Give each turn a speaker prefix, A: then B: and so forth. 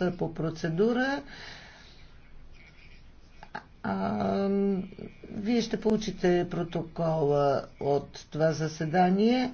A: Е, по процедура. А, вие ще получите протокола от това заседание.